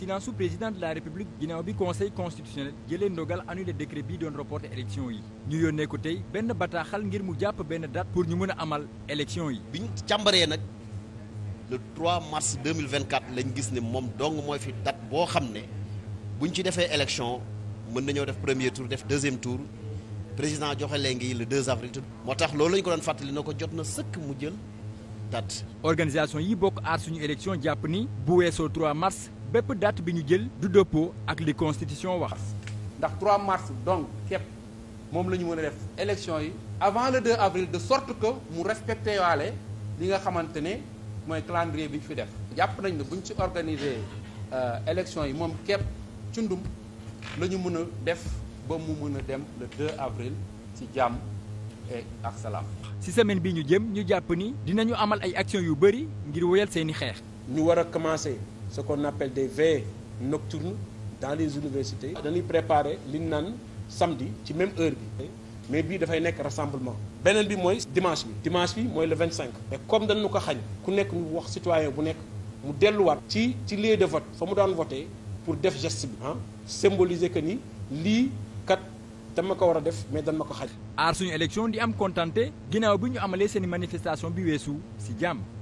silence su président de la république ginnaaw bi conseil constitutionnel jëlee ndogal annulé décret bii doon reporter élection yi. ñu yónnee ko tey benn bataaxal ngir mu jàpp benn date pour ñu mën a amal élection yi. bi ñu càmbaree nag le 3 mars 2024 lañ gis ne moom dong mooy fi date boo xam ne buñ ci defee élection mën nañoo def premier tour def deuxième tour président joxe léegi le 2 avril. moo tax loolu lañ ko doon fàttali na ko jot na sëkk mu jël date. organisation yi bokk aar suñu élection jàpp ni bu weesoo 3 bépp date bi ñu jël du dëppoo ak li constitution waxas ndax 3 mars donc képp moom la ñu mën a def élection yi avant le 2 avril de sorte que mu respecté waale li nga xamante ne mooy calendrier bi ñu fi def. jàpp nañ na bu ñu ci organiser euh, élection yi moom képp cundum la ñu mën a def ba mu mën a dem le 2 avril ci jàmm et ak salaam. ci semaine bi ñu jëm ñu jàpp ni dinañu amal ay actions yu bëri ngir wéyal seeni xeex. ñu war a commencer. ce qu'on appelle des veillées nocturnes dans les universités dañuy préparer li ñu naan samedi ci même heure bi mais bii dafay nekk rassemblement beneen bi mooy dimanche bi dimanche bi mooy le 25 et comme dañu ko xañ ku nekk ñu wax citoyen bu nekk mu delluwaat ci ci lieu de vote fa mu daan voter pour def geste bi ah symboliser que ni lii kat dama ko war a def mais dan ma ko xaj aar suñu élection di am kontante ginnaaw bi ñu amalee seeni manifestation bi weesu ci jàmm